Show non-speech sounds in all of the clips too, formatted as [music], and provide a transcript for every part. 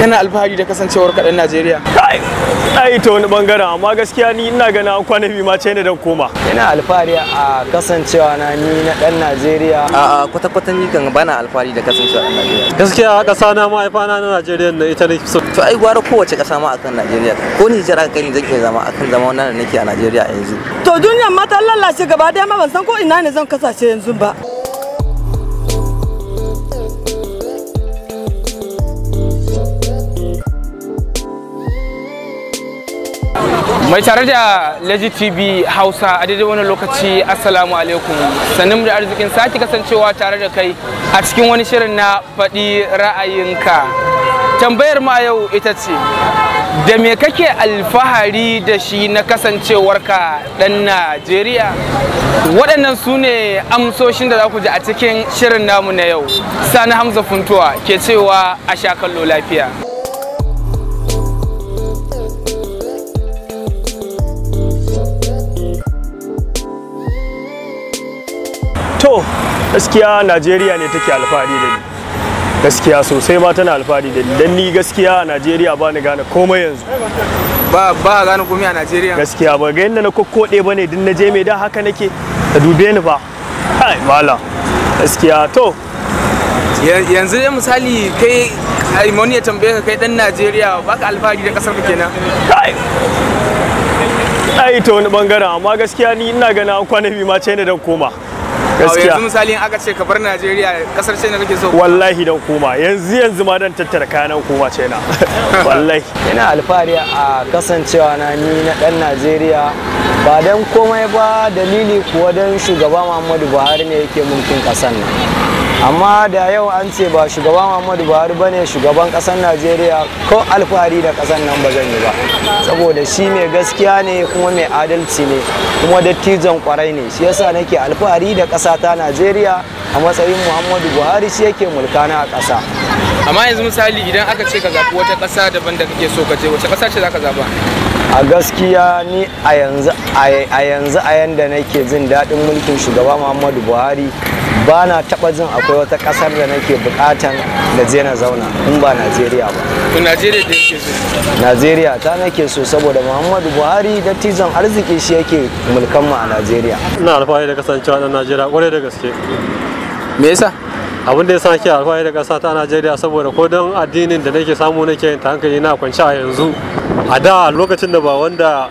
kana alfahari da kasancewar kaɗan Najeriya? Kai, ai ta wani bangaren amma gaskiya ni ina gana an kwana biyu ma ce ne dan koma. Ina alfahari a kasancewa na ni na ɗan Najeriya. A a kwata kwata ni kan bana alfahari da kasancewa na Najeriya. Gaskiya ƙasa na mahaifa na na Najeriya na ita ne so. To ai gwara kowace ƙasa ma akan Najeriya. Ko ni jira kai ni zake zama akan zama wannan da nake a Najeriya yanzu. To duniyar ma ta lalace gaba ɗaya ma ban san ko ina ne zan kasashe yanzu ba. mai tare da Leji TV Hausa a daidai wani lokaci Assalamu alaikum sannan da arzikin sake kasancewa tare da kai a cikin wani shirin na faɗi ra'ayinka tambayar ma yau ita ce da me kake alfahari da shi na kasancewarka ɗan Najeriya waɗannan su ne amsoshin da za ku ji a cikin shirin namu na yau sani Hamza Funtuwa ke cewa a sha kallo lafiya to gaskiya najeriya ne take alfahari da ni gaskiya sosai ma tana alfahari da ni don ni gaskiya a najeriya ba ni gane komai yanzu ba ba gane komai a najeriya gaskiya ba ga yadda na kokkoɗe ba ne din na je mai da haka nake ka dube ni ba kai mala gaskiya to yanzu dai misali kai aimoni ya tambaye ka kai dan najeriya ba ka alfahari da kasar ka kenan kai ai ta wani bangaren amma gaskiya ni ina gana kwana biyu ma ce ne dan koma gaskiya yanzu misali aka ce ka bar Najeriya kasar ce na kake so wallahi dan koma yanzu yanzu ma dan tattara kayan koma na [laughs] wallahi ina alfahari a kasancewa na ni na dan Najeriya ba dan komai ba dalili kuwa dan shugaba Muhammadu Buhari ne yake mulkin kasar nan amma da yau an ce ba shugaban muhammadu buhari ba ne shugaban kasar najeriya ko alfahari da kasar nan ba zan yi ba saboda shi mai gaskiya ne kuma mai adalci ne kuma dattijan kwarai ne shi yasa nake alfahari da kasa ta najeriya a matsayin muhammadu buhari shi yake mulkana a kasa. amma yanzu misali idan aka ce ka zaɓi wata kasa daban da kake so ka je wace kasa ce za ka zaɓa a gaskiya ni a yanzu a yanda nake jin daɗin mulkin shugaba muhammadu buhari ba na taɓa jin akwai wata ƙasar da nake buƙatan da je na zauna in ba najeriya ba najeriya da yake so najeriya ta nake so saboda muhammadu buhari dattijan arziki shi yake mulkan mu a najeriya ina alfahari da kasancewa na najeriya ƙwarai da gaske me yasa abin da ya sa ke alfahari da ƙasa ta najeriya saboda ko don addinin da nake samu nake yin ta hankali na kwanci a yanzu a da lokacin da ba wanda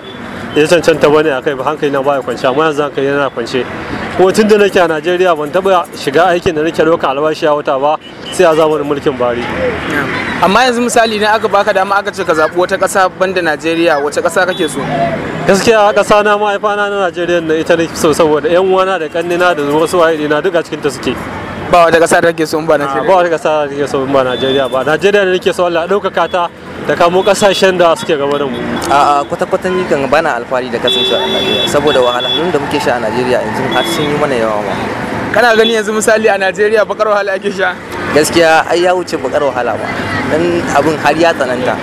ya cancanta ba ne a kai ba hankali na baya kwance amma yanzu hankali yana kwance ko tun da nake a najeriya ban taba shiga aikin da nake roka albashi a wata ba sai a zamanin mulkin bari amma yanzu misali ne aka baka dama aka ce ka zaɓi wata ƙasa banda najeriya wace ƙasa kake so gaskiya ƙasa na ma'aifana na najeriya na ita ne so saboda yan uwana da ƙannina da wasu waye na duk a cikin ta suke ba wata kasa da ke so ah, ba Najeriya ba wata kasa da ke so ba Najeriya ba Najeriya da nake so Allah ɗaukaka ta da kamo kasashen da suke gaba da mu a kwata kwata ni kan bana alfari da kasance a Najeriya saboda wahalhalun da muke sha a Najeriya yanzu har sun yi mana yawa ma kana gani yanzu misali a Najeriya bakar wahala ake sha gaskiya ai ya wuce bakar wahala ba dan abin har ya tsananta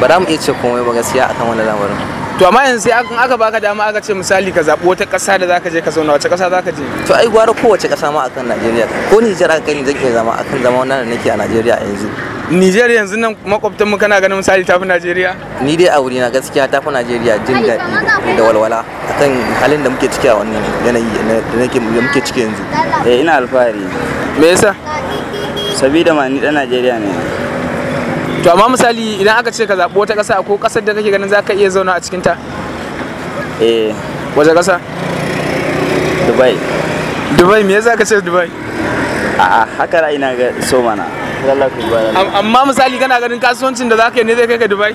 ba za mu iya ce komai ba gaskiya akan wannan lamarin to amma yanzu sai in aka baka dama aka ce misali ka zaɓi wata ƙasa da zaka je ka zauna wace ƙasa zaka je to ai gwara kowace ƙasa ma akan Najeriya ko ni aka kai zan ke zama akan zama wannan da nake a Najeriya yanzu Nijar yanzu nan makwabtan mu kana ganin misali tafi Najeriya ni dai a wuri na gaskiya tafi Najeriya jin daɗi da walwala akan halin da muke ciki a wannan yanayi da nake muke ciki yanzu eh ina alfahari me yasa sabida ma ni dan Najeriya ne to amma misali idan aka ce ka zaɓi wata ƙasa ko ƙasar da kake ganin za ka iya zauna a cikinta eh wace ƙasa dubai dubai me yasa ka ce dubai a'a haka ra'ayi na ga so mana amma misali kana ganin kasuwancin da za ka yi ne zai kai ka dubai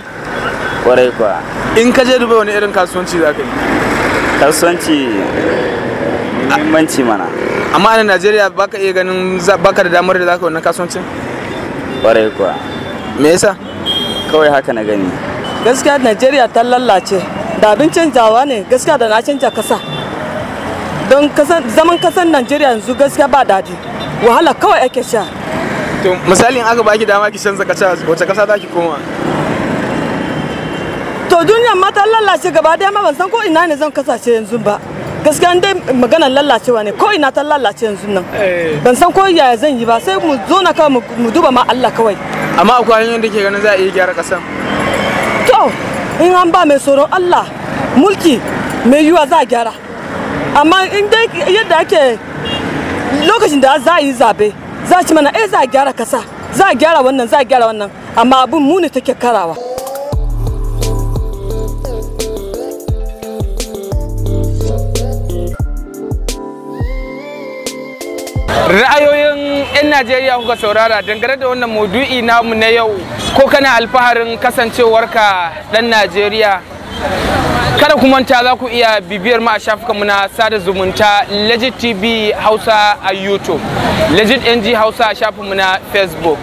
kwarai kuwa in ka je dubai wani irin kasuwanci za ka yi kasuwanci muhimmanci mana amma a najeriya baka iya ganin baka da damar da za ka wannan kasuwancin kwarai kuwa me yasa kawai haka na gani gaskiya najeriya ta lallace da abin canjawa ne gaskiya da na canja kasa don zaman kasan najeriya yanzu gaskiya ba daɗi wahala kawai ake sha to misalin aka baki dama ki canza kasa wace kasa za ki koma to duniya ma ta lallace gaba daya ma ban san ko ina ne zan kasace yanzu ba gaskiya dai magana lallacewa ne ko ina ta lallace yanzu nan eh. ban san ko yaya zan yi ba sai mu zo na kawai mu duba ma Allah kawai amma akwai hanyoyin da ke ganin za a iya gyara kasan to in an ba mai tsoron allah mulki mai yiwa za a gyara amma in dai yadda ake lokacin da za a yi zabe za a ci mana eh za a gyara kasa za a gyara wannan za a gyara wannan amma abin muni take karawa ra'ayoyin 'yan Najeriya kuka saurara dangane da wannan maudu'i namu na yau ko kana alfaharin kasancewarka ɗan Najeriya. Kada ku manta za ku iya bibiyar mu a shafukanmu na sada zumunta Legit TV Hausa a YouTube, Legit NG Hausa a shafinmu na Facebook,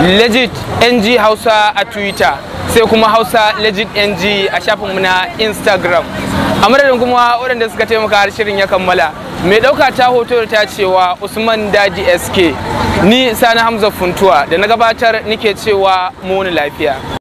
Legit NG Hausa a Twitter, sai kuma Hausa Legit NG a shafinmu na Instagram. A madadin kuma waɗanda suka taimaka har shirin ya kammala. mai ɗauka ta hoto da ta cewa usman daji sk ni sani hamza funtuwa da na gabatar nike cewa muni lafiya